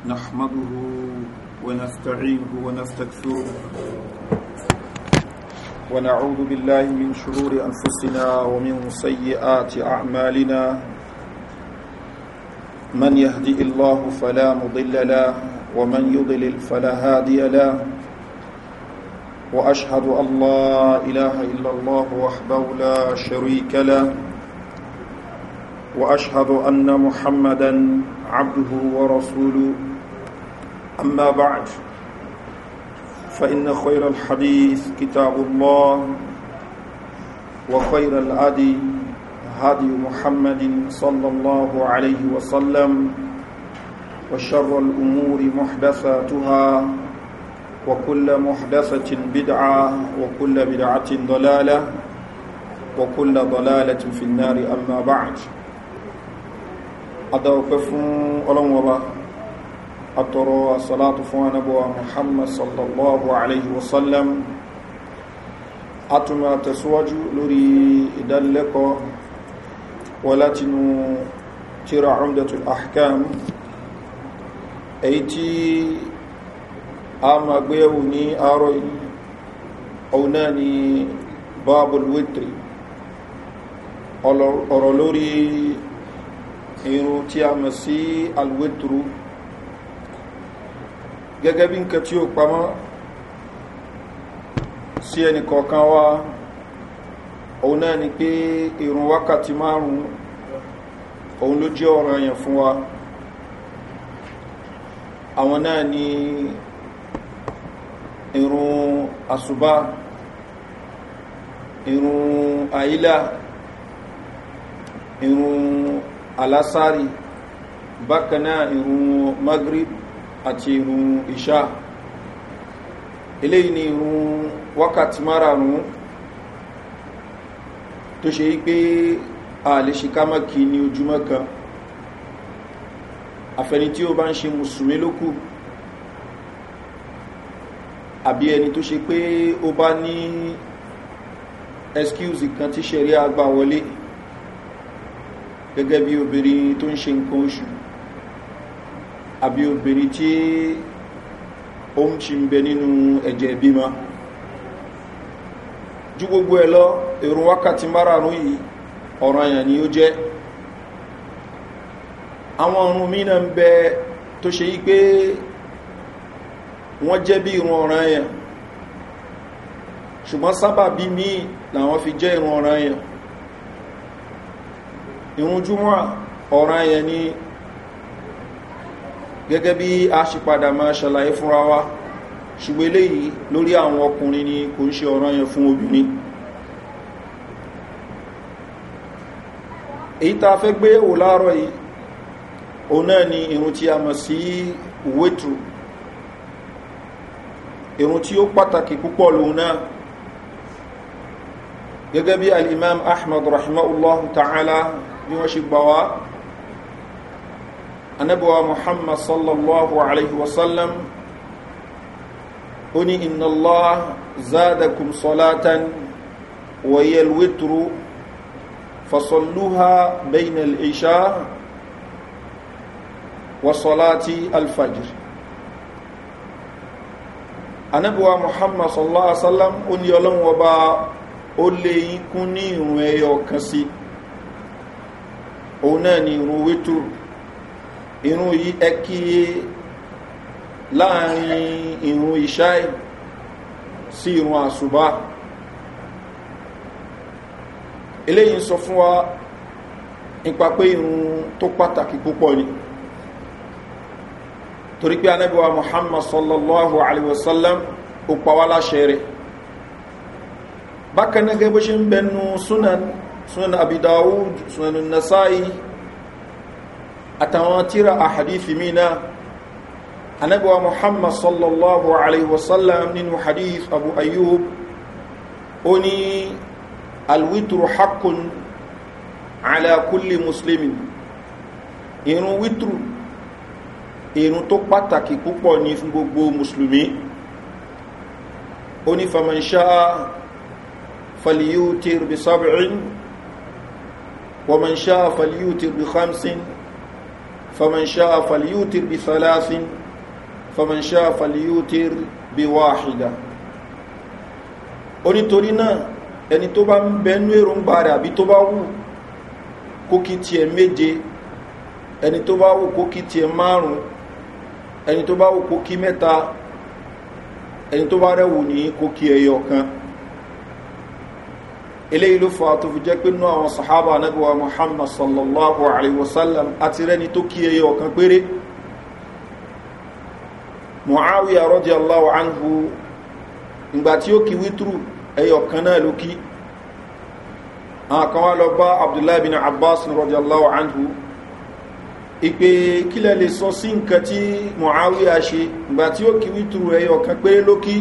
نحمده ونستعينه ونستكثره ونعوذ بالله من شرور أنفسنا ومن سيئات أعمالنا من يهدي الله فلا مضل له ومن يضلل فلا هادي له وأشهد أن لا إله إلا الله وحده لا شريك له وأشهد أن محمدا عبده ورسوله أما بعد فإن خير الحديث كتاب الله وخير الأدي هدي محمد صلى الله عليه وسلم وشر الأمور محدثاتها وكل محدثة بدعة وكل بدعة ضلالة وكل ضلالة في النار أما بعد أدعوك فون ألم وبركاته أطر صلاة فوانا بوا محمد صلى الله عليه وسلم أتما تسواج لري إدلك ولتن ترى عمدة الأحكام أيتي أما قيوني أروي أو ناني باب الوتر ọ̀rọ̀ lórí irun tí a mọ̀ sí alwetru gẹ́gẹ́ bí nǹkan tí ó pamọ́ sí ẹnì kọ̀ọ̀kan wa òun náà ni pé ìrùn wákàtí márùn òun ló jẹ́ ọ̀rọ̀ ẹ̀yàn fún wa àwọn náà ni ìrùn àṣùbá ìrùn àílà ìrùn alásárì bákan náà ìrùn magrib àti irun ìṣá eléyìí ni irun wákàtí márààrún tó ṣe pé a lè ṣe ojúmọ́ kan àfẹni tí ó bá ń ṣe mùsùlùmí lókù àbí ẹni tó ṣe pé ó bá ní excuse kan tí ṣẹ̀rí àgbà wọlé gẹ́gẹ́ bí obìnrin tó ń ṣe nǹkan oṣù àbí obìnrin tí ó ń ṣe ń bẹ nínú ẹ̀jẹ̀ ìbímọ ju gbogbo e lọ èrò wákàtí márààrún yìí ọ̀ràn àyàn ni ó jẹ́ àwọn ọ̀run mìíràn ń bẹ tó ṣe yí pé wọ́n jẹ́ bí irun ọ̀ràn àyàn ṣùgbọ́n sábà bí míì fi jẹ́ irun ọ̀ràn àyàn irun júmọ́ ọ̀ràn ni gẹ́gẹ́ bí a ṣe padà máa ṣàlàyé fúnra wa ṣùgbọ́n eléyìí lórí àwọn ọkùnrin ni kò ń ṣe ọ̀ràn yẹn fún obìnrin èyí tá a fẹ́ gbé wò láàárọ̀ yìí òun náà ni irun tí a mọ̀ sí wétru irun tí ó pàtàkì púpọ̀ lòun náà gẹ́gẹ́ bí alimam ahmed rahimahullah ta'ala bí wọ́n ṣe gbà wá anabuwa muhammad sallallahu alaihi wasallam ó ní iná lọ zádàkùn sọlátàn wàyẹ̀lwétru fasalluha bainal isha wa salati alfajir anabuwa muhammad sallallahu alaihi wasallam ó ní ọlọ́wọ́ bá ó lè yín kún ní ìrùn ẹyọ kan sí òun ni ìrùn wétru irun yìí ẹ kí láàrin irun ìṣáì sí irun àṣùbá eléyìí sọ fún wa nípa pé irun tó pàtàkì púpọ̀ ni torí pé anábíwa muhammad sallallahu alaihi wasallam ó pàwà láṣẹ rẹ̀ bákan náà gẹ́gbẹ́ ṣe ń bẹnu sunan sunan abidawud sunan nasa'i àtàwọn tíra àhàdífì mìíràn anábíwa muhammad sallallahu alaihi wasallam nínú hadith abu ayyub ó ní alwitru haqqun ala kulli muslimin irun witru irun tó pàtàkì púpọ̀ ní fún gbogbo musulmi ó ní famanṣá falyutir bi sab'in wa man sha falyutir bi khamsin فمن شاء فليوتر بثلاث فمن شاء فليوتر بواحدة onítorí náà ẹni tó bá ń bẹnú èròǹgbà rẹ̀ àbí tó bá wù kókí tí ẹ méje ẹni tó bá wù kókí tí ẹ márùn ẹni tó bá wù kókí mẹ́ta ẹni tó bá rẹ̀ wù ní kókí ẹyọ kan eléyìí ló fọ àtòfù jẹ́ pé nú àwọn sàhábà anábíwá muhammad sallallahu alayhi wa sallam àti rẹni tó kí eye ọ̀kan péré muawi arọ́jẹ́ allahu anhu ìgbà tí ó kí wítúrù ẹyọ kan náà ló kí àwọn kan wá lọ bá abdullahi bin abbas rọ́jẹ́ allahu anhu ìpè kílẹ̀ lè sọ sí nǹkan tí muawi a ṣe ìgbà tí ó kí wítúrù ẹyọ kan péré ló kí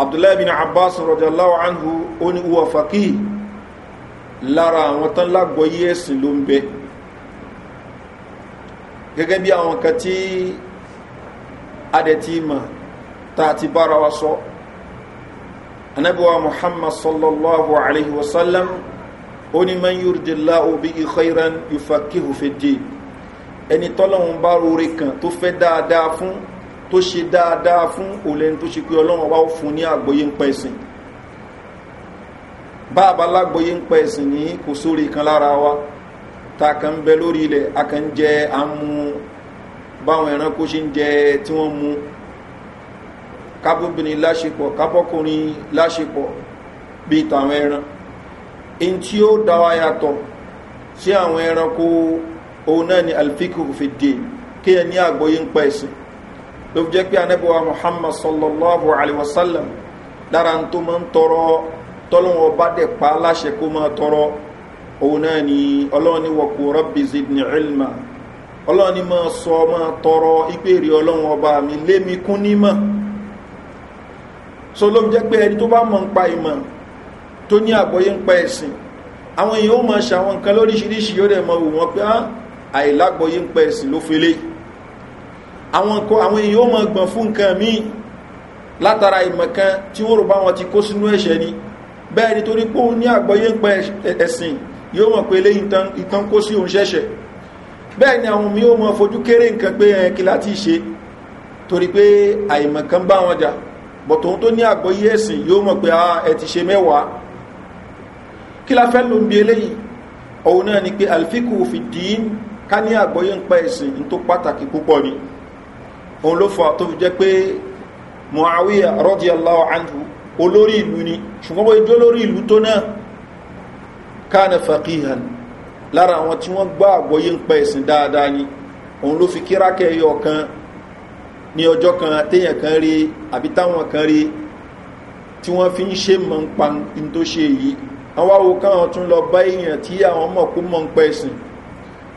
abdullahi bin abbas rọ̀dọ̀láwọ̀ anhu ó ní uwa fakí lára àwọn tán lágbọ́yé ẹ̀sìn ló ń bẹ gẹ́gẹ́ bí àwọn kan tí adẹ̀tí ma ta ti bára wa sọ anabiwa muhammad sallallahu alaihi wasallam ó ní man yúrùdìlá obi ìkhairan ìfakíhù fèdè ẹni tọ́lọ́hun bá rúre kan tó fẹ́ dáadáa fún tó ṣe dáadáa fún òlẹ́ni tó ṣe pé ọlọ́run wá fún ní àgbóyé ń pẹ́ ẹ̀sìn bá lágbóyé ń pẹ́ ẹ̀sìn ní kò kan lára wa ta kan bẹ lórí ilẹ̀ a kan jẹ amú báwọn ẹranko ṣe ń jẹ tí wọ́n mu kábóbìnrin láṣepọ̀ kábọ́kùnrin láṣepọ̀ bíi tàwọn ẹran in tí ó dáwà yàtọ̀ sí àwọn ẹranko òun náà ni alfikir fìdí kí ẹ ní àgbóyé ń ló fi jẹ́ pé anábíwá muhammad sallallahu alayhi wa sallam dára tó máa ń tọrọ tọ́lọ́wọ́ bá dẹ̀ pa láṣẹ kó máa tọrọ òun náà ni ọlọ́run ní wọ̀kú rọ́bì zidni ilma ọlọ́run ní máa sọ máa tọrọ ìpèrè ọlọ́run ọba mi lémi kún nímọ̀ so ló fi jẹ́ pé ẹni tó bá mọ̀ ń pa ìmọ̀ tó ní àgbọ́yé ń pa ẹ̀sìn àwọn èèyàn ó máa ṣàwọn nǹkan lóríṣiríṣi yóò dẹ̀ mọ̀ wò wọ́n pé ah, àìlágbọ́yé ń pa ẹ̀sìn ló fele yìí àwọn èèyàn ó mọ̀ gbọ̀n fún nǹkan míì látara ìmọ̀kan tí wọ́n rò bá wọn ti kó sínú ẹ̀ṣẹ̀ ni bẹ́ẹ̀ nítorí pé ó ní àgbọ́yé ń pẹ́ ẹ̀sìn yóò mọ̀ pé léyìn ìtàn kó sí òun ṣẹ́ṣẹ̀ bẹ́ẹ̀ ni àwọn míì ó mọ̀ fojú kéré nǹkan pé ẹ̀ kí láti ṣe torí pé àìmọ̀kan bá wọn jà bọ̀tọ̀ tó ní àgbọ́yé ẹ̀sìn yóò mọ̀ pé ah, ẹ ti ṣe mẹ́wàá kí la fẹ́ ló ń bi eléyìí òun náà ni pé àlfíkù fi ká ní àgbọ́yé ń pẹ́ ẹ̀sìn tó pàtàkì púpọ̀ ni òun ló fà tó fi jẹ́ pé muawiya rọ́dí aláwọ̀ anhu olórí ìlú ni ṣùgbọ́n bó ijó lórí ìlú tó náà káàna fàkíhàn lára àwọn tí wọ́n gbá àgbọ́yé ń pẹ́ ìsìn dáadáa ni òun ló fi kan ní ọjọ́ kan téèyàn kan rí àbí táwọn kan rí tí fi ń ṣe mọ̀ ń pa ní tó ṣe yìí àwọn awo káwọn tún lọ bá èèyàn tí àwọn mọ̀ kó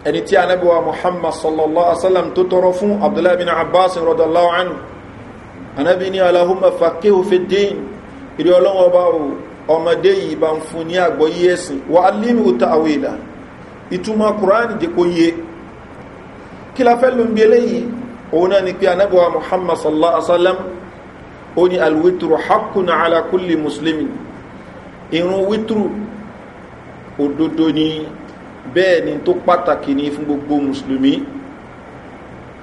ẹni tí anábíwa muhammad sallallahu alaihi wasallam tó tọrọ fún abdullahi bin abbas radallahu anhu anábí ní aláhùnmá fàkíhù fi dín ìrí ọlọ́wọ́ bá o ọmọdé yìí bá ń fún ní àgbọ́yé ẹ̀sìn wà alími òta àwìlà ìtumọ̀ kùránì dìkó yé kí la fẹ́ lóun bí eléyìí òun náà ni pé anábíwa muhammad sallallahu alaihi ó ní alwitru bẹ́ẹ̀ ni tó pàtàkì ní fún gbogbo mùsùlùmí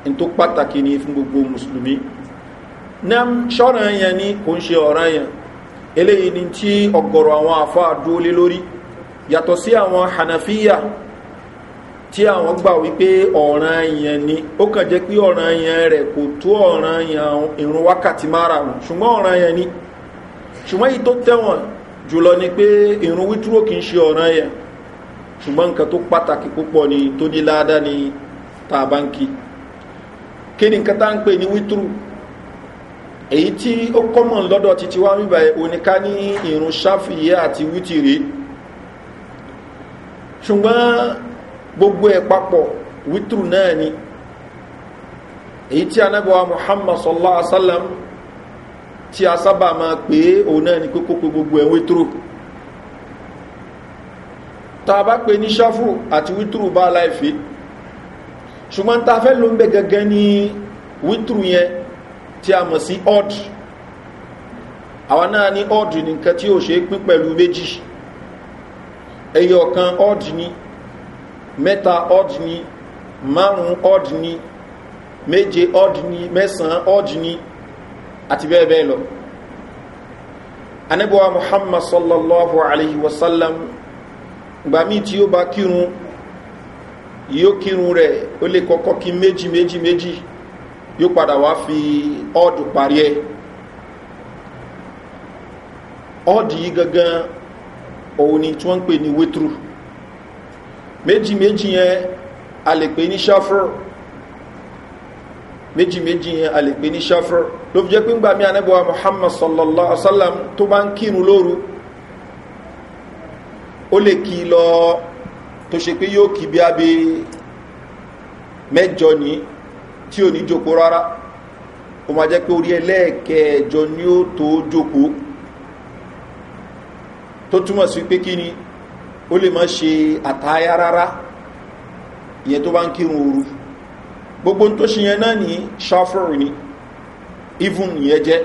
in tó pàtàkì ní fún gbogbo mùsùlùmí náà ṣọ́ra yẹn ni kò ń ṣe ọ̀ràn yẹn eléyìí ni tí ọ̀gọ̀rọ̀ àwọn àfá lé lórí yàtọ̀ sí àwọn hanafiya tí àwọn gbà wípé ọ̀ràn yẹn ni ó kàn jẹ́ pé ọ̀ràn yẹn rẹ̀ kò tó ọ̀ràn yẹn ìrún wákàtí márùn-ún ṣùgbọ́n ọ̀ràn yẹn ni ṣùgbọ́n yìí tó tẹ̀wọ̀n jùlọ ni pé ìrún wítúrò kì í ṣe ọ̀ràn yẹn ṣùgbọ́n nǹkan tó pàtàkì púpọ̀ ni tó ní láádá ni tá a bá kí ni nǹkan tá ń pè ní wítúrù èyí tí ó kọ́mọ̀ lọ́dọ̀ títí wá wíbà oníká ní ìrún sáfìyẹ́ àti wítìrí ṣùgbọ́n gbogbo ẹ̀ papọ̀ wítúrù náà ni èyí tí anábọ̀wá muhammad sallallahu alaihi wasallam tí a sábà máa pè é òun náà ni kókó pé gbogbo ẹ̀ wítúrù ta bá pè ní ṣáfù àti wítúrù bá láìfí ṣùgbọ́n ta fẹ́ ló ń bẹ gẹ́gẹ́ ní wítúrù yẹn tí a mọ̀ sí ọ́d àwọn náà ní ọ́d ní nǹkan tí ó ṣe pín pẹ̀lú méjì ẹyọ kan ọ́d ní mẹ́ta ọ́d ní márùn-ún ọ́d méje ọ́d ní mẹ́sàn-án ọ́d ní àti bẹ́ẹ̀ bẹ́ẹ̀ lọ anábíwá muhammad sallallahu alayhi wa sallam gbàmí tí ó bá kírun yóò kírun o ó lè ki kí méjì méjì méjì yóò padà wá fi ọ́ọ̀dù parí ẹ̀ ọ́ọ̀dù yìí gangan òun ni tí ni ń pè ní wétru méjì méjì yẹn a lè pè ní ṣáfúrò méjì méjì yẹn a lè pè ní ṣáfúrò ló fi pé ń muhammad sallallahu alaihi wa sallam tó bá ń kírun lóru ó lè kí lọ tó ṣe pé yóò kí bí abẹ mẹ́jọ ní tí ò ní jòkó rárá ó máa jẹ́ pé orí ẹlẹ́ẹ̀kẹjọ ní ó tó jòkó tó túmọ̀ sí pé kí ni ó lè má ṣe àtayá rárá ìyẹn tó bá ń kírun ooru gbogbo tó ṣe yẹn náà ní ṣáfúrù ni even ìyẹn jẹ́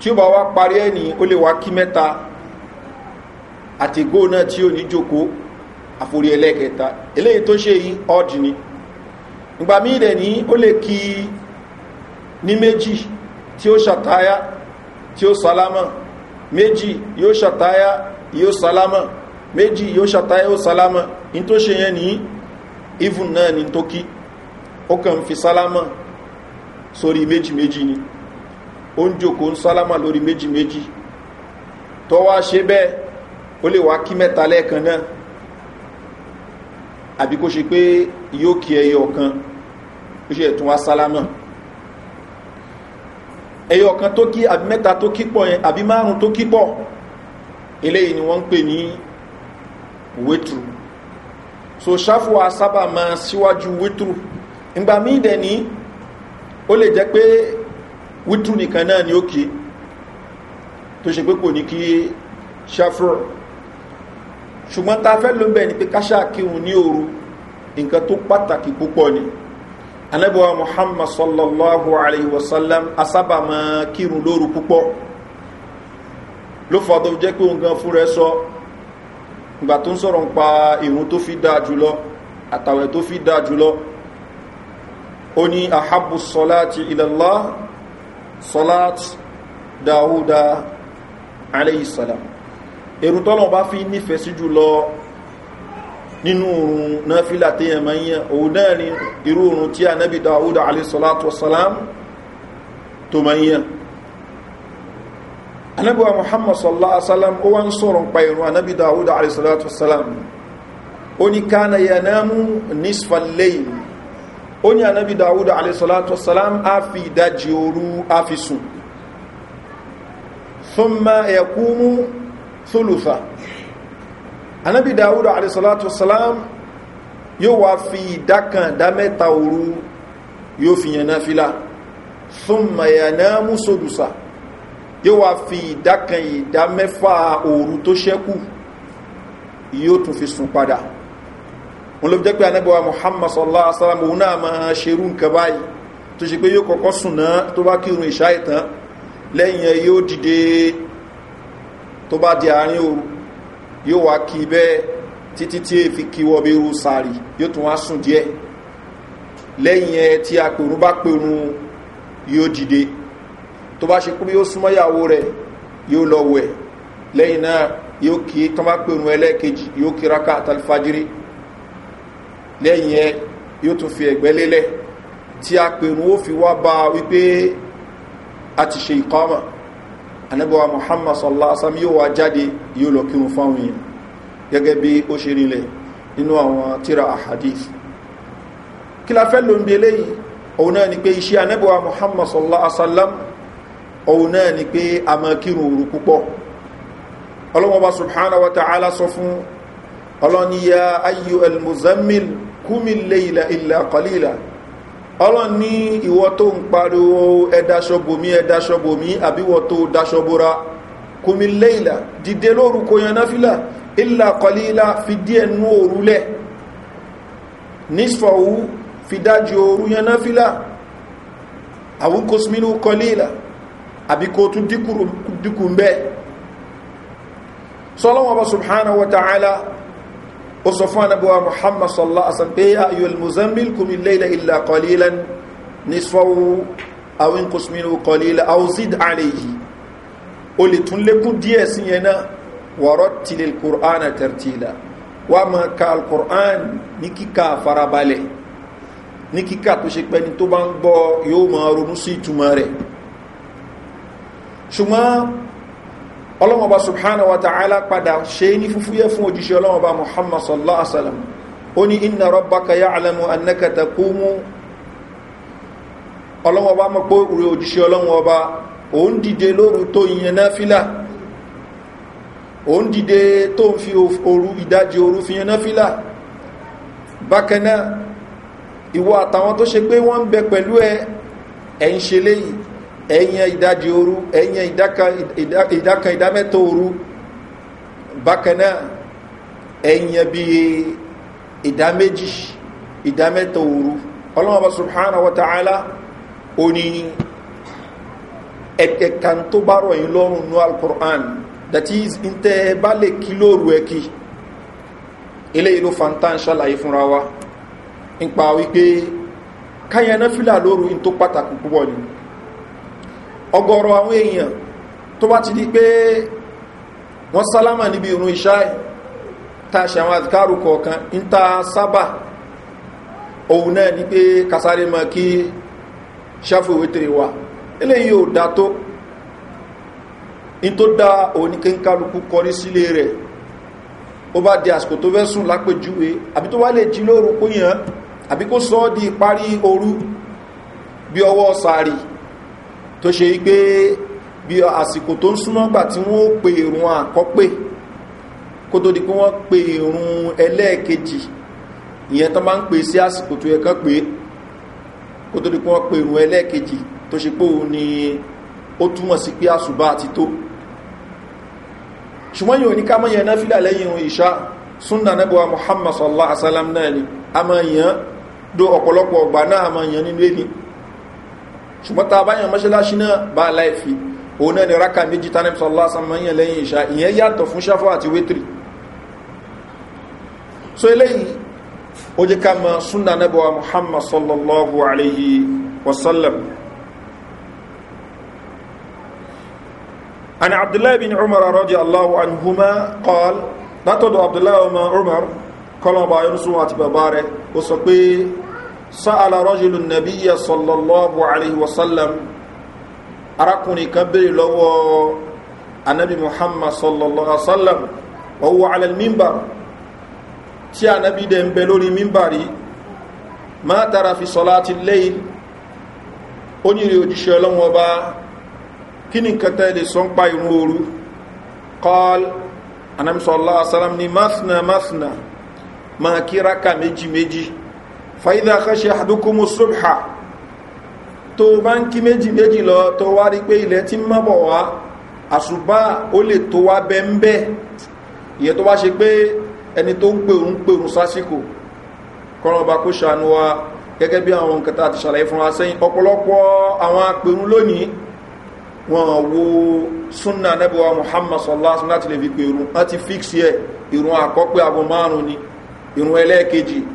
tí ó bá wá parí ẹ̀ ní ó lè wá kí mẹ́ta àtìgó náà tí ó ní jókó àforí ẹlẹ́kẹta eléyìí tó ṣe yí ọ́dì ni ìgbà míì dẹ̀ ní ó lè kí ní méjì tí ó ṣàtáyá tí ó sálámà méjì yóò ṣàtáyá yóò sálámà méjì yóò ṣàtáyá yóò sálámà in tó ṣe yẹn ní even náà ni tó kí ó kàn fi sálámà sórí méjì méjì ni ó ń jòkó ń sálámà lórí méjì méjì tó ṣe bẹ́ẹ̀ ó lè wá kí mẹ́ta lẹ́ẹ̀kan náà àbí kó ṣe pé yóò kí ẹyọ ọ̀kan ó ṣe ẹ̀tún wá sálámà ẹyọ ọ̀kan tó kí àbí mẹ́ta tó kí pọ̀ yẹn àbí márùn tó kí pọ̀ eléyìí ni wọ́n ń pè ní wétru so ṣáfùwà sábà máa síwájú wétru ìgbà míì dẹ̀ ní ó lè jẹ́ pé wétru nìkan náà ni ó kí tó ṣe pé kò ní kí ṣáfùwà ṣùgbọ́n ta fẹ́ ló ń bẹ̀ ni pé káṣá kírun ní òru nǹkan tó pàtàkì púpọ̀ ni anábíwá muhammad sallallahu alayhi wa sallam asábà máa kírun lóru púpọ̀ ló fà tó jẹ́ pé òun gan fúnra ẹ sọ ìgbà tó ń sọ̀rọ̀ ń pa ìrun tó fi dáa jùlọ àtàwẹ̀ tó fi dáa jùlọ ó ní ahabu salati ilallah salat dawuda alayhi salam èrùn tọ́lọ̀ bá fi nífẹ̀ẹ́ sí jù lọ nínú oòrùn náà fílà tí ẹ̀mọ́ yẹn òun náà ni irú oòrùn tí anábì dáúdà alẹ́sọ̀látọ̀ salam tó mọ́ yẹn anábíwa muhammad sallallahu ala'asalam ó wá ń sọ̀rọ̀ pa ìrùn anábì dáúdà alẹ́sọ̀látọ̀ salam ó ní kánà yanamu nisfalayin thulutha anábì dáúdà àrísọ́látò salam yóò wá fi ìdákan dámẹ́ta òru yóò fi yẹn náfílà thumma yanamu sudusa yóò wá fi ìdákan ìdámẹ́fà òru tó ṣẹ́kù muhammad sallallahu alaihi wasallam òun náà máa ṣerú nǹkan báyìí tó ṣe pé yóò kọ́kọ́ sùn náà tó bá kírun ìṣá lẹ́yìn yóò dìde tó bá di àárín òru yóò wá kí bẹ́ẹ̀ títí tí èfi kí wọ́ bí irú sàárì yóò tún wá sùn díẹ̀ lẹ́yìn ẹ tí apèrún bá pèrún yóò dìde tó bá ṣe kú bí ó súnmọ́ ìyàwó rẹ̀ yóò lọ wẹ̀ lẹ́yìn náà yóò kí tán bá pèrún ẹlẹ́ẹ̀kejì yóò kí raka àtàlifájírí lẹ́yìn ẹ yóò tún fi ẹ̀gbẹ́ lélẹ̀ tí apèrún ó fi wá bá wípé a ti ṣe ìkọ́mọ̀ anabiwa muhammad sallallahu alaihi wasallam yóò wá jáde yóò lọ kírun fáwọn èèyàn gẹ́gẹ́ bí ó ṣe rinlẹ̀ nínú àwọn tíra ahadith kí la fẹ́ ló ń belé yìí òun náà ni pé iṣẹ́ anabiwa muhammad sallallahu alaihi wasallam òun náà ni pé a máa kírun òru púpọ̀ ọlọ́mọba subhanahu wa ta'ala sọ ọlọ́n ní ìwọ tó ń pariwo ẹ̀dàṣọ́bòmí ẹ̀dàṣọ́bòmí àbíwọ tó dáṣọ́bóra kùmí lẹ́ìlà dìde lórúkọ yanáfílà ìlà kọlílà fi díẹ̀ nú òrùlẹ̀ nísfọ̀wú fi dájú òru yanáfílà àwúkọsmínú kọlílà àbíkò tún díkùn bẹ́ẹ̀ sọlọ́wọ́ bá ó sọ fún anábíwá muhammad sallallahu alaihi wasallam pé ayol muzammil kumi leila illa qalilan nisfawu awin kusminu qalila awzid alayhi o lè tún lékún díẹ̀ sí yẹn náà wọ̀rọ̀ tilil qur'ana tartila wa ma ka alqur'an ní kíkà farabalẹ̀ ní kíkà tó ṣe pẹ́ni tó bá ń gbọ́ yóò máa ronú sí ìtumọ̀ rẹ̀ ṣùgbọ́n ọlọ́mọba subhanahu wa ta'ala padà ṣe ní fúfúyẹ́ fún òjíṣẹ́ ọlọ́mọba muhammad sallallahu alaihi wasallam ó ní iná rọ́bàkà yá alamu annakata kúmú ọlọ́mọba mọ́ pé orí òjíṣẹ́ ọlọ́mọba ó ń dìde lóru tó yẹn náà fílà ó ń dìde tó ń fi òru ìdájí òru fi yẹn náà fílà bákanáà ìwọ àtàwọn tó ṣe pé wọ́n ń bẹ pẹ̀lú ẹ ẹ̀ ń ṣe léyìí ẹ̀yàn ìdájì òru ẹ̀yàn ìdákan ìdámẹ́tọ̀ òru bákanáà ẹ̀yàn bí ìdáméjì ìdámẹ́tọ̀ òru ọlọ́mọba subhanahu wa ta'ala o ni ẹ̀kẹ̀kan tó bá rọ̀ yìí lọ́rùn ní alkùrán that is in tẹ́ bá lè kí lóòrù ẹ̀kí ilé ìlú fantan ṣàlàyé fúnra wa ń pa wípé káyẹ̀ná fílà lóòrù in tó pàtàkì púpọ̀ nìí ọgọ́rọ̀ àwọn èèyàn tó bá ti di pé wọ́n sálámà níbi ìrún iṣẹ́ tàṣẹ àwọn àdìkárù kọ̀ọ̀kan ń ta sábà òun náà ní pé kásáré mọ́ kí ṣáfòwétèrè wà eléyìí ò dá tó in tó dá oníkẹ́ńkálukú kọrí sílé rẹ̀ ó bá di àsìkò tó fẹ́ sùn àbí tó wá lè jí lóru kó àbí kó sọ di ìparí òru bí ọwọ́ sàárì tó ṣe wípé bí àsìkò tó ń súnmọ́ gbà tí wọ́n pe ìrún àkọ́pẹ́ kó tó di pé wọ́n pe ìrún ẹlẹ́ẹ̀kejì ìyẹn tó máa ń pe sí àsìkò tó yẹ kán pé kó tó di pé wọ́n pe ìrún ẹlẹ́ẹ̀kejì tó ṣe pé òun ni ó túmọ̀ sí pé àṣùbá àti tó ṣùgbọ́n yóò ní ká mọ́ yẹn náà fílà lẹ́yìn ohun ìṣá súnnà nẹ́bọ̀wà muhammad sallallahu alaihi wasallam náà ni a mọ́ yẹn dó ọ̀pọ̀lọpọ̀ ọgbà náà a mọ́ yẹn nínú èmi ṣùgbọ́n tá a bá yàn mọ́ṣáláṣí náà bá láìfi òun náà ni raka méjì tánẹ́bí sọ lásán mọ́ yàn lẹ́yìn ìṣá ìyẹn yàtọ̀ fún ṣáfọ́ àti wétìrì so eléyìí ó jẹ́ ká mọ súnà muhammad sallallahu alayhi wa عبد الله بن عمر رضي الله عنهما قال látọ̀dọ̀ abdullahi ọmọ umar kọlọ̀bà yọ́nsúnwà àti bàbá rẹ̀ ó sáàlà rọ́jùlù nàbí yẹ sọlọ́lọ́bù àríwọ̀sálàm arákùnrin kan bèèrè lọ́wọ́ anabi muhammad sọlọ́lọ́sálàm ọwọ́ alẹ́ mímbà tí anabi dẹ̀ ń bẹ lórí mímbà rí máa tara fi sọlá ti lẹ́yìn ó ní rí òjíṣẹ́ ọlọ́wọ́ bá kí ni nǹkan tẹ́ lè sọ ń pa ìrún ooru kọ́l ni masna masna máa kí ráka méjì fàídà kọ́ṣe àdúkùmù ṣùgbà tó bá ń kí méjì méjì lọ tó wá rí pé ilẹ̀ tí mọ́bọ̀ wá àṣùbá ó lè tó wá bẹ́ńbẹ́ ìyẹ́ tó wá ṣe pé ẹni tó ń pèrún pèrún sásìkò kọ́rọ̀bà kó ṣàánú wa gẹ́gẹ́ bí àwọn nǹkan tàbí ṣàlàyé fún wa sẹ́yìn ọ̀pọ̀lọpọ̀ àwọn apèrún lónìí wọn wo súnà nẹ́bọ̀wà muhammad sallásùn láti lè fi pèrún láti fíksì ẹ̀ ìrún àkọ́pẹ́ àbọ̀ márùn-ún ni ìrún ẹlẹ́ẹ̀kejì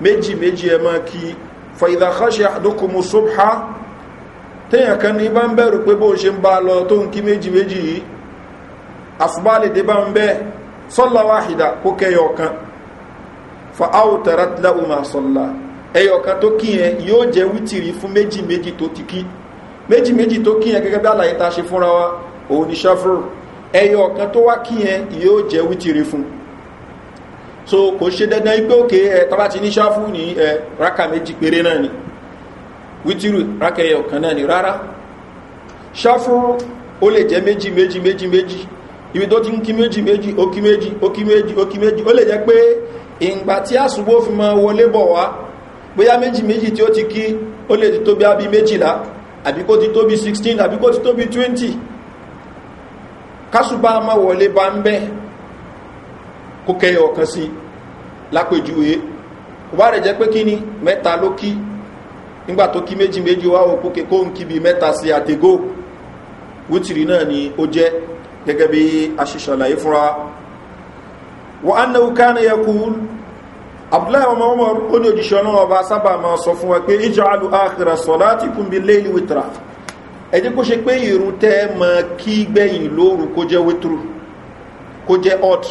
méjì méjì ẹ máa kí fàìdàkáṣe àdókòmù sóbhá tẹ́yàn kan ní bá ń bẹ̀rù pé bó ṣe ń bá lọ tó ń kí méjì méjì yìí àṣùbá lè dé bá ń bẹ́ sọ́lá wáhìdá kó kẹyọ kan fa áwùtara láwù máa sọ́lá ẹyọ kan tó kí yẹn yóò so kò ṣe dandan ipé òkè ẹ tọ́ba ti ní ṣáfù ní ẹ rákà méjì péré náà ni wítírù rákà ẹyọ kan náà ni rárá ṣáfù ó lè jẹ méjì méjì méjì méjì ibi tó ti ń kí méjì méjì ó kí méjì ó kí méjì ó kí méjì ó lè jẹ pé ìgbà tí àṣùgbó fi máa wọlé bọ̀ wá bóyá méjì méjì tí ó ti kí ó lè ti tóbi àbí méjìlá àbí kó ti tóbi 16 àbí kó ti tóbi 20 kásùbá máa wọlé bá ń bẹ́ẹ̀ kó kẹyọ ọ̀kan sí lápèjúwe kò bá rẹ̀ jẹ́ pé kí ni mẹ́ta ló kí nígbà tó kí méjì méjì wá òkú kó ń kí bí mẹ́ta sí àtẹ̀gó wítìrì náà ni ó jẹ́ gẹ́gẹ́ bí aṣíṣàlàyé fúnra wọ́n á náwó káàní yẹkú abdullahi ọmọ ọmọ ó ní òjìṣẹ́ ọba sábà máa sọ fún wa pé ìjọ alu àkìrà sọ láti kún bí léèlì wìtìrà ẹjẹ́ kó ṣe pé ìrùn tẹ́ máa kí gbẹ̀yìn lóru kó jẹ́ wítìrù kó jẹ́ ọ̀tù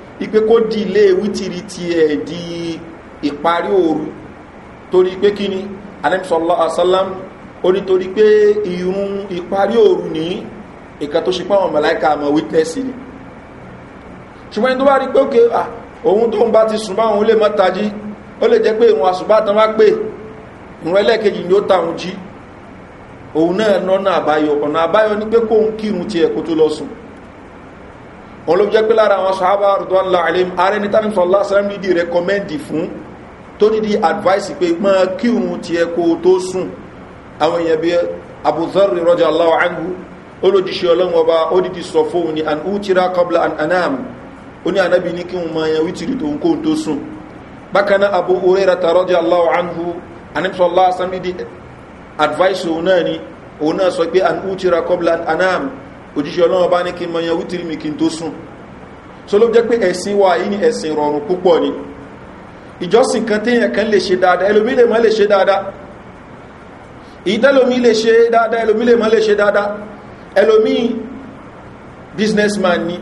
ipe kó di ilé wítìrì tiẹ̀ di ìparí òru torí pé kíni anamisọ́lá asálám ó nítorí pé irun ìparí òru ní ìkan tó ṣe pé àwọn mọ̀láìka àmọ́ witness ni ṣùgbọ́n tó bá rí pé òkè òun tó ń bá ti sùn bá òun lè mọ́tají ó lè jẹ́ pé ìwọ̀n àsùbátan bá pè ìwọ̀n ẹlẹ́ẹ̀kejì ni ó tàun jí òun náà nọ́nà àbáyọ ọ̀nà àbáyọ ní pé kóun kírun ti ẹ̀kó tó lọ sùn wọn ló jẹ́ pé lára àwọn sahaba rudwan laalim ààrẹ ní tani sọlá sẹ́rẹ́m dídì rẹ́kọ́mẹ́ndì fún tó dídì advice pé mọ́ kírun tiẹ̀ kó tó sùn àwọn èèyàn bíi abudulri rọjà aláwọ̀ anhu olódìṣẹ́ ọlọ́run ọba ó dídì sọ fóun ni an utira kọbla an anam ó ní anábì ní kí wọn máa yan wítìrì tó ń kó tó sùn bákan náà abu orera tarọ́jà aláwọ̀ anhu anibsọlá sẹ́rẹ́m dídì advice òun náà ni òun náà sọ pé an utira kọbla an anam òjíṣẹ́ ọlọ́run bá ní kí n mọ yan wítìrì mi kí n tó sùn so ló jẹ́ pé ẹ̀sìn wa yìí ni ẹ̀sìn rọrùn púpọ̀ ni ìjọsìn kan téèyàn kan lè ṣe dáadáa ẹlòmí lè mọ́ lè ṣe dáadáa ẹlòmí lè mọ́ lè ṣe dáadáa ẹlòmí businessman ni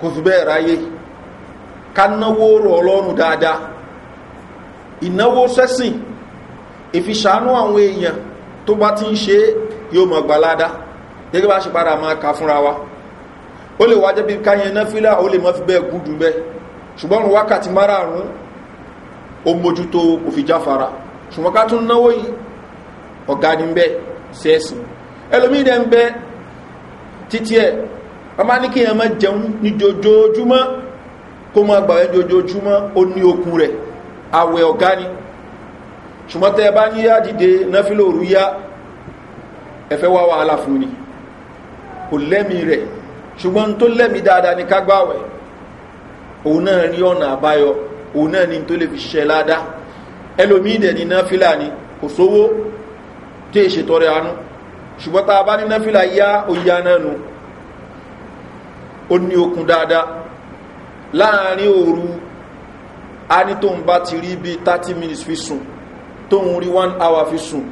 kò fi bẹ́ẹ̀ ráyé ká náwó rọ ọlọ́run dáadáa ìnáwó sẹ́sìn ìfiṣàánú àwọn èèyàn tó bá ti ń ṣe yóò mọ̀ gbàládàá gẹ́gẹ́ bá ṣe padà máa ka fúnra wa ó lè wájẹ́ bí káyẹn náà fílà ó lè mọ́ fi bẹ́ẹ̀ gúdù bẹ́ ṣùgbọ́n wákàtí márààrún ó mójútó kò fi jáfara ṣùgbọ́n ká tún náwó yìí ọ̀gá ni bẹ́ sí ẹ̀sìn ẹlòmídẹ́ ń bẹ́ títí ẹ̀ ọmọ ní kí ẹ mọ́ jẹun ní jojoojúmọ́ kó jojoojúmọ́ ó ní okun rẹ̀ àwẹ̀ ọ̀gá ni ṣùgbọ́n tẹ́ bá ní yá dìde náfílò òru yá wá wàhálà fún ni kò lẹ́mi rẹ̀ ṣùgbọ́n tó lẹ́mi dáadáa ní kágbáwẹ̀ òun náà rí ọ̀nà àbáyọ òun náà ni tó lè fi ṣiṣẹ́ ládá ẹlòmíì dẹ̀ ní náfìlà ni kò sówó tí è ṣètọrẹ àánú ṣùgbọ́n tá a bá ní náfìlà yá òyà náà nu ó ní okun dáadáa láàrin òru a ní tóun bá ti rí bí 30 minutes fi sùn tóun rí 1 hour fi sùn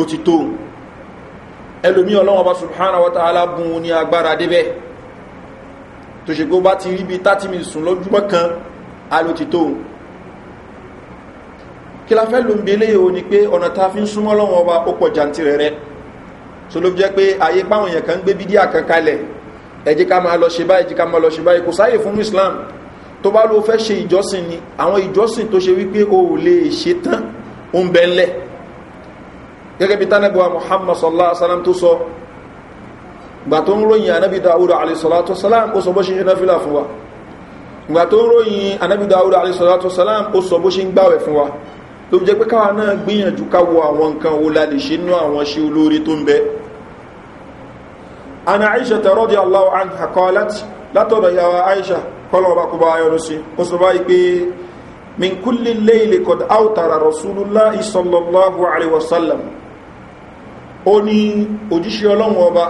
ó ti tóun ẹlòmí ọlọ́wọ́n bá subhana wa ta'ala bùn ní agbára débẹ̀ tó ṣe pé ó bá ti rí bí 30 sùn lójúmọ́ kan alo ti tóun kí la fẹ́ ló ń bi eléyìí o ni pé ọ̀nà tá a fi ń súnmọ́ lọ́wọ́n ọba ó pọ̀ jantirẹ̀ rẹ̀ so ló jẹ́ pé ayé páwọn èèyàn kan gbé islam tó bá ló fẹ́ ṣe ìjọsìn ni àwọn ìjọsìn tó gẹ́gẹ́ bí tánàbíwa muhammad sallallahu alaihi wasallam tó sọ gbà tó ń ròyìn anábì dáúdà alaihissalatu salam ó sọ bó ṣe ń náfílà fún wa gbà tó ń ròyìn anábì dáúdà alaihissalatu salam ó sọ bó ṣe ń gbáwẹ̀ fún wa tó jẹ́ pé káwa náà gbìyànjú káwọ àwọn nǹkan wo la lè ṣe nú àwọn ṣe olóore tó ń bẹ min kulli leile kod autara rasulullah sallallahu alaihi wasallam ó ní òjíṣẹ́ ọlọ́run ọba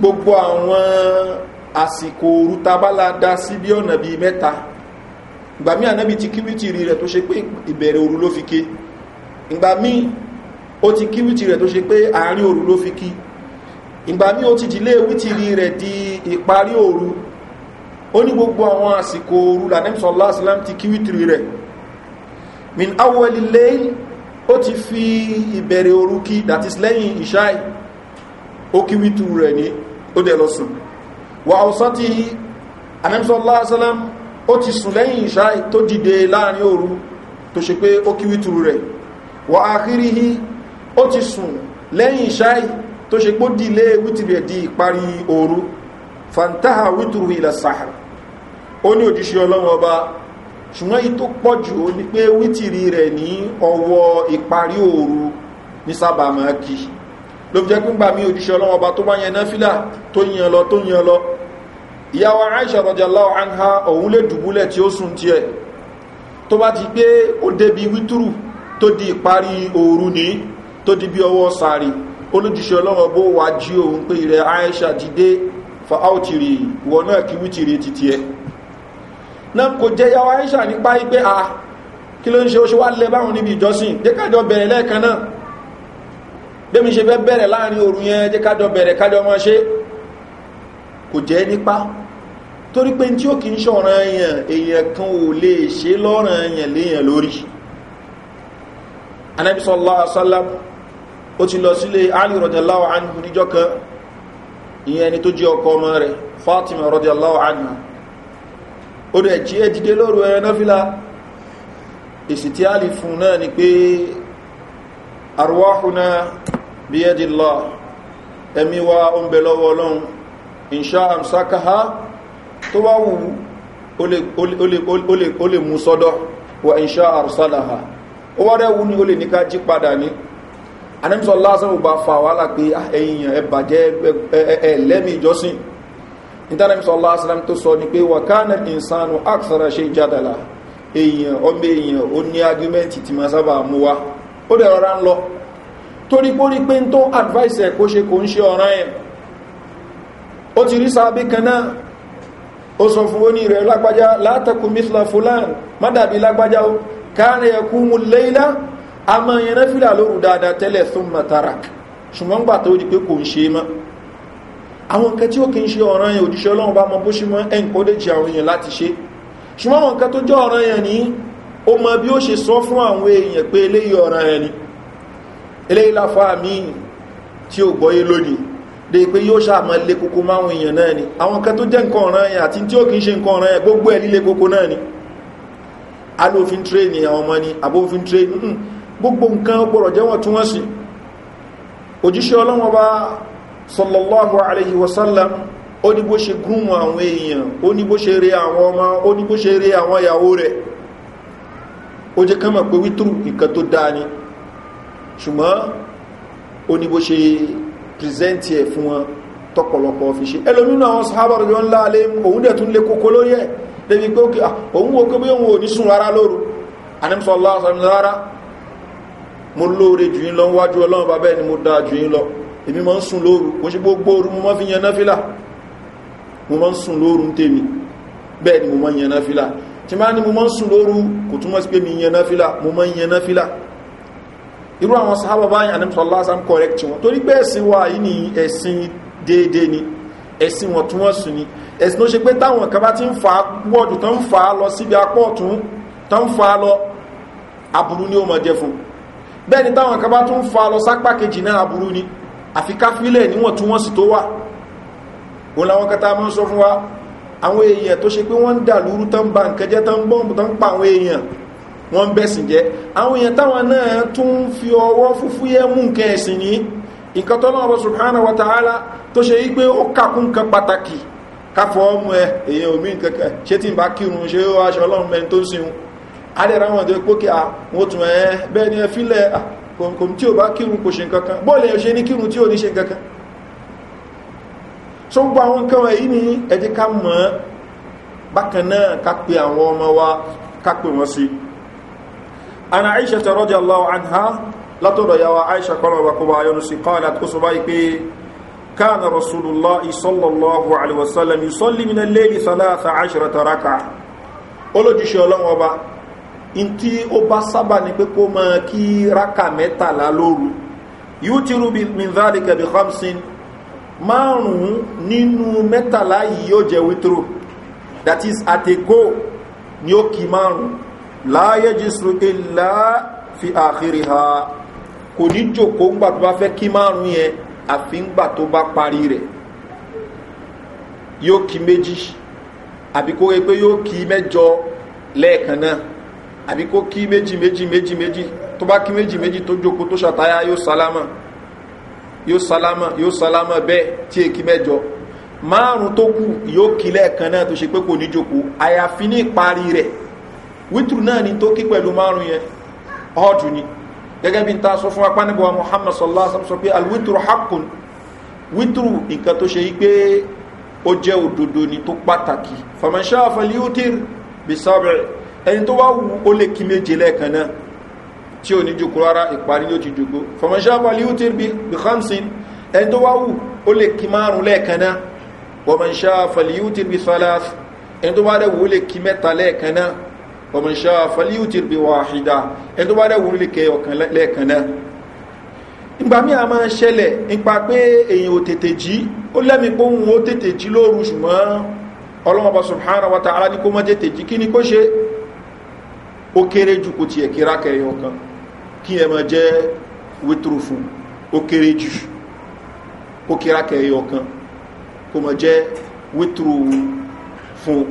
gbogbo àwọn àsìkò òru tabala dá sí bí ọ̀nà bíi mẹ́ta ìgbà mí ànábì ti kíwìtì rẹ̀ tó ṣe pé ìbẹ̀rẹ̀ òru ló fi ké ìgbà mí ó ti kíwìtì rẹ̀ tó ṣe pé àárín òru ló fi ké. ìgbà mí ó ti dìlé wítìrí rẹ̀ di ìparí òru ó ní gbogbo àwọn àsìkò òru lànẹ́mìsọ̀ lásìlám ti kíwìtì rẹ̀ min awọ́lilẹ́yìn ó ti fi ìbẹ̀rẹ̀ orúkí that is lẹ́yìn ìṣáì ó rẹ̀ ní ó dẹ̀ lọ wà ọ̀sán ti anẹ́msọ́lá ó ti sùn lẹ́yìn ìṣáì tó dìde láàrin òru tó ṣe pé ó rẹ̀ wà ó ti sùn lẹ́yìn ìṣáì tó ṣe pó dìlé di oru fantaha sahara ọba ṣùgbọ́n yìí tó pọ̀ jù ó ní pé wítìrí rẹ̀ ní ọwọ́ ìparí òru ní sábà máa kí ló fi jẹ́ pín gbà mí òjíṣẹ́ ọlọ́wọ́ba tó bá yẹn náà fílà tó yẹn lọ tó yẹn lọ ìyáwó aisha rọjàláwọ̀ anha òun lè dùbúlẹ̀ tí ó sùn tiẹ̀ tó bá ti pé ó débi wítúrù tó di ìparí òru ní tó di bí ọwọ́ sàárì olójíṣẹ́ ọlọ́wọ́bó wá jí òun pé ìrẹ aisha ti dé fa áùtìrì ìwọ náà kí wítìrì ti tiẹ̀ náà kò jẹ yàwó aisha nípa ipé a kí ló ń ṣe ó ṣe wá lẹ báwọn níbi ìjọsìn jẹ́kájọ bẹ̀rẹ̀ lẹ́ẹ̀kan náà bẹ́mi ṣe fẹ́ bẹ̀rẹ̀ láàrin òru yẹn jẹ́kájọ bẹ̀rẹ̀ kájọ mọ́ ṣe kò jẹ́ nípa torí pé tí ó kì í ṣọ̀ràn èèyàn ni tó jẹ́ fatima rọ̀dẹ̀láwà ánìhù ó dẹ̀ jí ẹ dìde lóru ẹran náfílà èsì tí a lè fún náà ni pé àrùwáhùnà bí ẹ́ di lọ ẹ̀mí wa ó ń bẹ lọ́wọ́ ọlọ́run ìṣá àmsákáhá tó bá wù ó lè mú sọ́dọ̀ wà ìṣá àrùsádàhá ó wá rẹ̀ wú ní ó lè níká jí padà ní anẹ́mísọ̀ lásán ò bá fa wàhálà pé ah, ẹ̀yìn ẹ̀bàjẹ́ ẹ̀lẹ́mì nítànàmí sọ́lá asìlám tó sọ ni pé wakana ìsànù àkùsára ṣe jádàlá èèyàn ọmọ èèyàn ó ní agímẹ́ntì tí máa sábà mú wá ó dẹ̀ rọra ń lọ torí pórí pé ń tó advice ẹ̀ kó ṣe kò ń ṣe ọ̀ràn ẹ̀ ó ti rí sábẹ́ kan náà ó sọ fún ó ní rẹ̀ lágbájá látàkù mithla fulan má dàbí lágbájá àwọn nǹkan tí ó kí ń ṣe ọ̀ràn yẹn òjíṣẹ́ ọlọ́run bá mọ bó ṣe mọ́ ẹnkọ́dẹ̀jì àwọn èèyàn láti ṣe ṣùgbọ́n àwọn nǹkan tó jẹ́ ọ̀ràn yẹn ní ó mọ bí ó ṣe sọ fún àwọn èèyàn pé eléyìí ọ̀ràn yẹn ni eléyìí láfa mi tí ó gbọ́yé lónìí de pé yóò ṣàmọ́ lé koko máwọn èèyàn náà ni àwọn nǹkan tó jẹ́ nǹkan ọ̀ràn koko náà ni alófin ni àbófin tréni gbogbo nǹkan gbọ́rọ̀ jẹ́wọ̀n tí wọ́n sì òjíṣẹ́ ọlọ́wọ́n sallallahu alayhi wa sallam ó ní bó ṣe gúnmù àwọn èèyàn ó ní bó ṣe rí àwọn ọmọ ó ní bó ṣe rí àwọn ìyàwó rẹ̀ ó jẹ́ kán mọ̀ pé wítúrù nǹkan tó dáa ni ṣùgbọ́n ó ní bó ṣe pìrìsẹ́ntì ẹ̀ fún wọn tọ́pọ̀lọpọ̀ fi ṣe ẹlòmínú àwọn sàábàrù yọ ńlá alẹ́ òun dẹ̀ tún lé kókó lórí ẹ̀ débi pé òkè òun wo kébé òun ò ní sùn rárá lóru ànímsọ ọlọ́run rárá mo lóore jù yín lọ wájú ọlọ́run bàbá ẹni mo dáa jù yín lọ èmi ma ń sùn lóru kò ṣe gbogbo orú mo ma fi yan náfílà mo ma ń sùn lóru tèmi bẹ́ẹ̀ ni mo ma yan náfílà tí ma ní mo ma ń sùn lóru kò túnmọ̀ sí pé mi yan náfílà mo ma yan náfílà irú àwọn sáhábà wa yìí ni ni ẹ̀sìn wọn tún wọ́n sùn ni ẹ̀sìn ló ṣe pé táwọn kan bá ti ń fa pọ̀jù tó ń fa lọ síbi apọ̀ ọ̀tún tó táwọn kan tún fa lọ sápá kejì náà aburú ni àfi káfílẹ̀ níwọ̀ntúnwọ̀nsì tó wà òun làwọn kata mọ́ sọ fún wa àwọn èèyàn tó ṣe pé wọ́n ń dà lúrú tán bá nǹkan jẹ́ tán bọ́ọ̀mù tán pa àwọn èèyàn wọ́n ń bẹ̀sìn jẹ́ àwọn èèyàn táwọn náà tún fi ọwọ́ fúfú yẹ mú nǹkan wa ta'ala tó ṣe yí pé ó kàkún nǹkan pàtàkì káfọ́ ọmọ ẹ èèyàn omi nǹkan kan ṣé tí n bá kírun ṣé ó aṣọ ọlọ́run mẹ́ni kòm tí ó bá kírun kò ṣe nkankan bóòlẹ̀ ṣe ní kírun tí ó ní ṣe nkankan so gbogbo àwọn nǹkan wọ̀nyí ni ẹjẹ́ ká mọ̀ bákan náà ká pe àwọn ọmọ wa ká pe wọn sí ana aisha ta rọ́jà allah anha látọ̀dọ̀ yàwó aisha kọ́nà كان رسول الله صلى الله عليه وسلم يصلي من الليل ثلاث عشرة ركعة أولو جيش الله وبا ntí ó bá sábà ní pé kó máa kí rákà mẹ́tàlá lóru yóò ti rúbi mìíràn kẹbi hamsin márùn-ún nínú mẹ́tàlá yìí yóò jẹ́ wítírò that is at a go ni ó kí márùn-ún láyé jísù ilá fi àkírí ha kò ní jòkó ńgbà tó bá fẹ́ kí márùn-ún yẹn àfi ńgbà tó bá parí rẹ̀ yóò kí méjì àbí pé yóò kí mẹ́jọ lẹ́ẹ̀kan náà àbí kó kí méjì méjì méjì méjì tó bá kí méjì méjì tó jókòó tó ṣàtáyà yóò sálámà yóò sálámà yóò sálámà bẹ́ẹ̀ tí èkí mẹ́jọ márùn tó kù yóò kí lẹ́ẹ̀kan náà tó ṣe pé kò ní jókòó àyàfi ní ìparí rẹ̀ wítùrù náà ni tó kí pẹ̀lú márùn yẹn ọ̀dù ni gẹ́gẹ́ bí n ta sọ fún apánibọ̀wá muhammad sallallahu alaihi wasallam sọ pé alwítùrù hakun wítùrù nǹkan tó ṣe yí pé ó jẹ́ òdodo ni tó pàtàkì fàmẹ́ṣáfà liutir bisabre ẹni tó wá wù ó lè kí méje lẹ́ẹ̀kan náà tí ò ní jùkú rárá ìparí yóò ti jùgbó fọmọṣẹ́ wàlí ó tẹ́rì bí hamsin ẹni tó wá wù ó lè kí márùn lẹ́ẹ̀kan náà fọmọṣẹ́ wàlí ó salas ẹni tó bá dẹ̀ wù ó lè kí mẹ́ta lẹ́ẹ̀kan náà fọmọṣẹ́ wàlí ó tẹ́rì bí wàhídà ẹni tó bá dẹ̀ wù ó lè kẹ́ ọ̀kan lẹ́ẹ̀kan náà ìgbà mí a wa ta'ala ní kó mọ́ tètè jí ó kéré jù kò tiẹ̀ kí rákà ẹyọ kan kí ẹ máa jẹ́ wítúrú fún ó kéré jù kó kí rákà ẹyọ kan kó máa jẹ́ wítúrú fún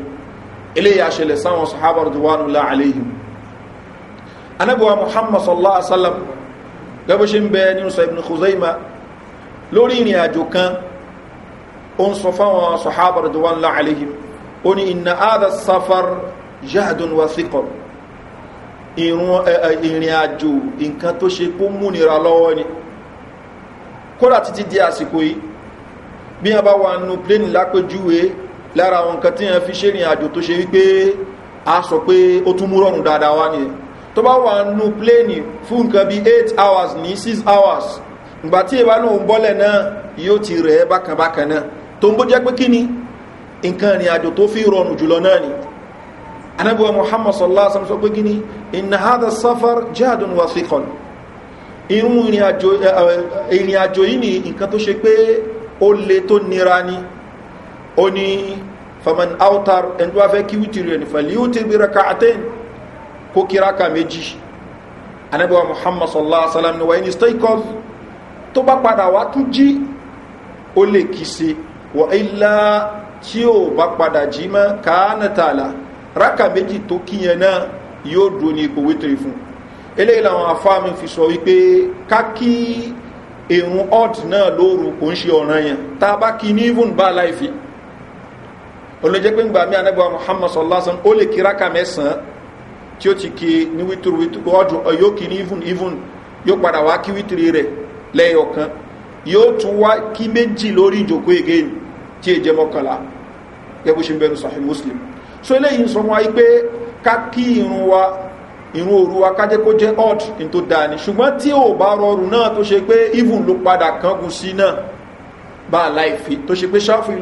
eléyìí àṣẹlẹ̀ sáwọn sọ̀hábà rẹ̀dùwánu láàlẹ́yìn anábíwá muhammad sallallahu alaihi wasallam gẹ́gẹ́ ṣe ń bẹ nínú sọ ibn khuzaima lórí ìrìn àjò kan ó ń sọ fáwọn sọ̀hábà rẹ̀dùwánu láàlẹ́yìn ó ní ìnà àdà safar jahadun wa sikọ̀rọ̀ ìrìn àjò nkan tó ṣe kó múnira lọ́wọ́ ni kódà títí di àsìkò yìí bí wọ́n bá wà nù pléènì juwe lára àwọn nǹkan tí a fi ṣe ìrìn àjò tó ṣe wípé a sọ pé ó tún mú rọrùn dáadáa wa ni to bá wà nù fún nkan bí 8 hours ní 6 hours bọ́lẹ̀ náà yóò ti rẹ̀ náà jẹ́ pé àjò fi rọrùn jùlọ náà ni anabiwa muhammad sallallahu alaihi wasallam sọ pé kí ni inna hadha safar jihadun wasiqan irun ìrìn àjò yìí ni nǹkan tó ṣe pé ó le tó nira ni ó ní faman autar ẹni tó wá fẹ́ kí wítìrì ẹni fẹ́ líó ti gbéra ka àtẹ́yìn kó kíra anabiwa muhammad sallallahu alaihi wasallam ni wa ẹni stakehold tó bá padà wá tún jí ó lè kìí se wa ilá tí ó bá padà jí mọ́ kánátàlá raka méjì tó kí yẹn náà yóò dúró ní ipò wétèrè fún eléyìí làwọn afáàmì fi sọ wípé ká kí èrùn ọ́d náà lóru kò ń ṣe ọ̀ràn yẹn tá a bá kí ní even bá láìfi olójẹ́ pé ń gbà mí anábíwá muhammad sallásán ó lè kí o mẹ́sàn-án tí ó ti kí ní wítúrú wítúrú ọdún yóò kí ní even even yóò padà wá kí wítúrú rẹ̀ lẹ́yọ̀kan yóò tún wá kí méjì lórí ègéyìn tí èjẹ mọ́kànlá ṣe ń bẹnu muslim so eléyìí sọ wọn pé ká kí irun wa irun òru wa kájẹ́ kó jẹ́ odd in tó dáa ni ṣùgbọ́n tí ò bá rọrùn náà tó ṣe pé even ló padà kángun sí náà bá aláìfi tó ṣe pé ṣáfù yìí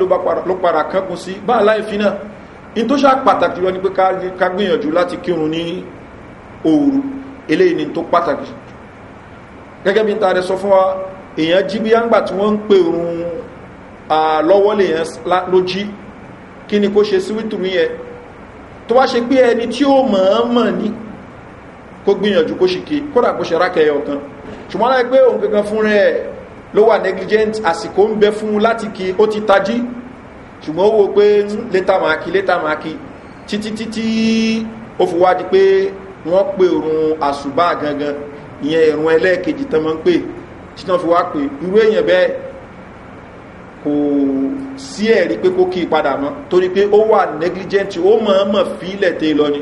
ló padà kángun sí bá aláìfi náà in tó ṣá pàtàkì lọ ni pé ká gbìyànjú láti kírun ní òru eléyìí ni tó pàtàkì gẹ́gẹ́ bí n ta rẹ̀ sọ fún wa èèyàn jí bí yáǹgbà tí wọ́n ń pè òun lọ́wọ́ lèèyàn ló jí kí ni kó ṣe síwítùrú yẹn tó wá ṣe pé ẹni tí ó mọ̀ọ́mọ̀ ní kó gbìyànjú kó ṣìkè kódà kó ṣe rákẹ̀ ọ̀kan ṣùgbọ́n láì pé òun gangan fún rẹ̀ ló wà negligent àsìkò ń bẹ fún láti kí ó ti tají ṣùgbọ́n ó wo pé hmm, létà máa kí létà máa kí títí títí ó fi wá pé wọ́n pe òrùn àṣùbá gangan ìyẹn ìrùn ẹlẹ́ẹ̀kejì tán máa ń pè tí wọ́n fi wá pè irú èèyàn bẹ́ẹ̀ kò sí ẹ̀rí pé kó kí padà mọ́ torí pé ó wà negligent ó mọ̀ọ́mọ̀ fílẹ̀ tẹ́ lọ ni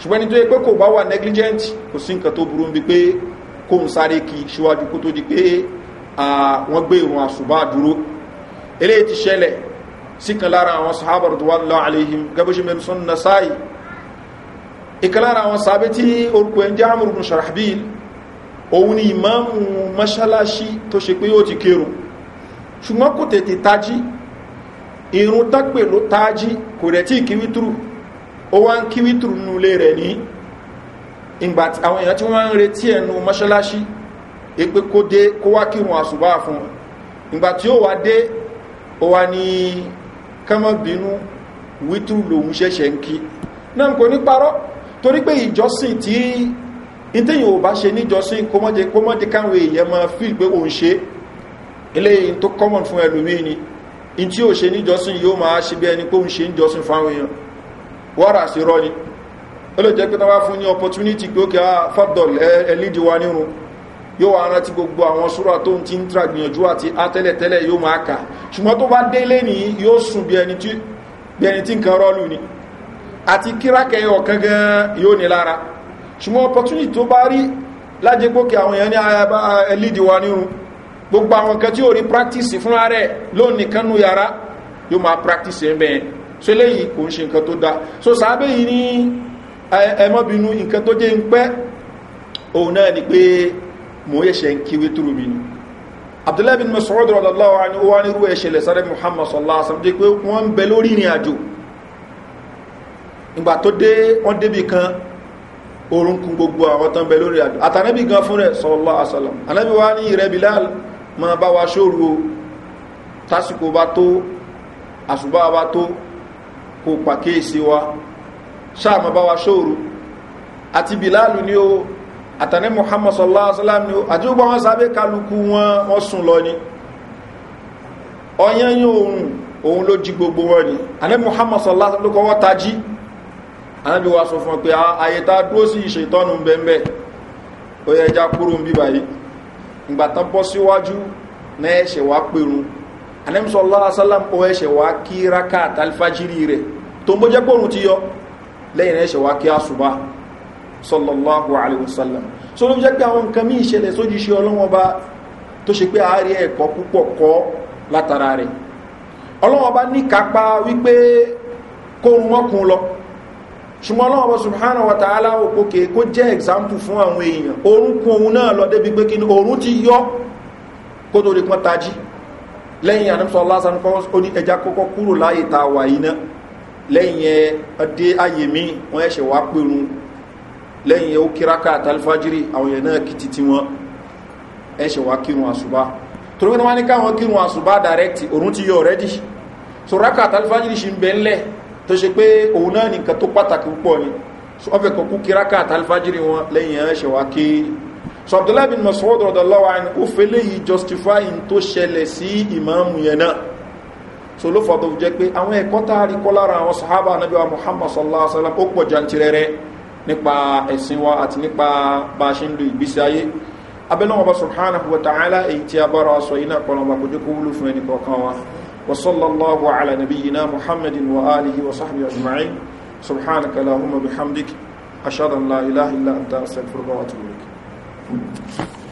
ṣùgbọ́n ní tó yẹ pé kò bá wà negligent kò sí nǹkan tó burú bí pé kó ń sáré kí ṣíwájú kó tó di pé wọ́n gbé ìrùn àṣùbá dúró eléyìí ti ṣẹlẹ̀ sí kan lára àwọn sahaba rọ̀dùwálọ́ àlehim gẹ́bẹ́ṣẹ́ mẹ́rin sọ́nà nasáì ìkan lára àwọn sàbẹ́ tí orúkọ ẹ̀ ń jẹ́ àmúrùn sàràbíl òun ni ìmáàmù mọ́ṣáláṣí tó ṣe pé ó ti kérùn ṣùgbọ́n kò tètè tají irun tápè ló tají kò rẹ̀ tí kíwítúrù ó wá ń kíwítúrù nulé rẹ̀ ní ìgbà àwọn èèyàn tí wọ́n ń retí ẹnu mọ́ṣáláṣí èpè kó dé kó wá kírun àṣùbá fún wọn ìgbà tí ó wá dé ó wá ní kọ́mọ́bínú wítúrù lòun ṣẹ̀ṣẹ̀ ń kí náà kò ní parọ́ torí pé ìjọsìn tí ìtẹ́yìn ò bá ṣe níjọsìn kó mọ́jẹ káwọn èèyàn máa fi òun ṣe é eléyìí tó common fún ẹlòmíì ni in tí ó ṣe níjọsìn yóò máa ṣe bí ẹni pé òun ṣe ń fáwọn èèyàn wọ́rà sí rọ́ ni ó lè jẹ́ pé tán fún ní opportunity pé ó kí á fọ́dọ̀l ẹlídi wa nírun yóò wá rántí gbogbo àwọn súra tó ń ti ń tra gbìyànjú àti átẹ́lẹ̀tẹ́lẹ̀ yóò máa kà ṣùgbọ́n tó bá délé ní yóò sùn bí ẹni tí nǹkan rọ́lù ni àti kírákẹ́ ọ̀kan gan yóò ní lára ṣùgbọ́n opportunity tó bá rí lájẹ́gbókè àwọn èèyàn ní ah, ẹlídi wa nírun gbogbo àwọn kan tí ó rí practice fún ààrẹ lóun nìkan nu yàrá yóò máa practice ẹ̀ bẹ́ẹ̀ so eléyìí kò ń ṣe nǹkan tó da so sàábẹ́ yìí ní ẹmọ́bìnú nǹkan tó jẹ́ ń pẹ́ òun náà ni pé mò ń yẹ̀ṣẹ̀ ń kíwé tó rúbi ni abdullahi bin masoud muhammad sallallahu alaihi wasallam jẹ́ pé wọ́n ń bẹ lórí ìrìn àjò ìgbà tó dé wọ́n débi kan orúnkún gbogbo àwọn tán bẹ lórí àjò àtànẹ́bì gan fún rẹ̀ sallallahu alaihi wasallam ma bá wa ṣóòrù o tásìkò bá tó àṣùbá bá tó kò pàkíyèsí wa ṣáà ma bá wa ṣóòrù àti bìláàlù ni o àtàní muhammad sallallahu alaihi wasallam ni o àti gbogbo wọn sábẹ́ kálukú wọn wọ́n sùn lọ ni ọyán yóò òun òun ló jí gbogbo wọn ni àní muhammad sallallahu alaihi wasallam ló kọ́ wọ́n tají ànábi wa sọ fún ọ pé àyètá dúró sí ìṣètọ́nù bẹ́ẹ̀ bẹ́ẹ̀ ìgbàtán bọ́ síwájú náà ẹ̀ṣẹ̀ wá pẹ̀rún anẹ́mísọ̀ lọ́lásálàm ó ẹ̀ṣẹ̀ wá kí rákà tàlifájírí rẹ̀ tó ń bójẹ́ pòrún ti yọ lẹ́yìn ẹ̀ṣẹ̀ wá kí àṣùbá sọlọ́láhu alẹ́wọ̀sálàm so ló jẹ́ pé àwọn nǹkan mí ìṣẹ̀lẹ̀ sójú ṣe ọlọ́wọ́n bá tó ṣe pé ààrẹ ẹ̀kọ́ púpọ̀ kọ́ ṣùgbọ́n ọlọ́wọ́ bọ́ ṣùgbọ́n wa ta'ala òpókè kó jẹ́ example fún àwọn èèyàn orún kún òun náà lọ débi pé kí ni orún ti yọ́ kó tó lè pọ́n tají lẹ́yìn àdúmsọ lásán kọ́ ó ní ẹja kọ́kọ́ kúrò láyé ta wà iná lẹ́yìn ọdẹ ayè mi wọ́n ẹ̀ṣẹ̀ wá pẹ̀rún lẹ́yìn ó kíráka àtàlífàjírí àwọn torí wọ́n ní káwọn kírun àṣùbá direct orún ti yọ already so ráka àtàlífàjírí ṣì ń bẹ́ tó ṣe pé òun náà nìkan tó pàtàkì púpọ̀ ni so wọ́n fẹ́ kọ́ kíráka àtàlfàjírí wọn lẹ́yìn ẹ̀ ṣẹ̀wá kí so abdullahi bin masoud rọ̀dọ̀lọ́wà ni ó fẹ́ léyìí justify in tó ṣẹlẹ̀ sí ìmáàmù yẹn náà so ló muhammad sallam ó pọ̀ jantirẹrẹ nípa ẹ̀sìn wa àti nípa bá a ṣe ń lo ta'ala èyí tí a bára wa sọ yìí náà kọ́ lọ́wọ́ kó wúlò fún ẹnì kọ̀ọ̀kan وصلى الله على نبينا محمد وآله وصحبه أجمعين سبحانك اللهم بحمدك أشهد أن لا اله إلا أنت أستغفرك وأتوب إليك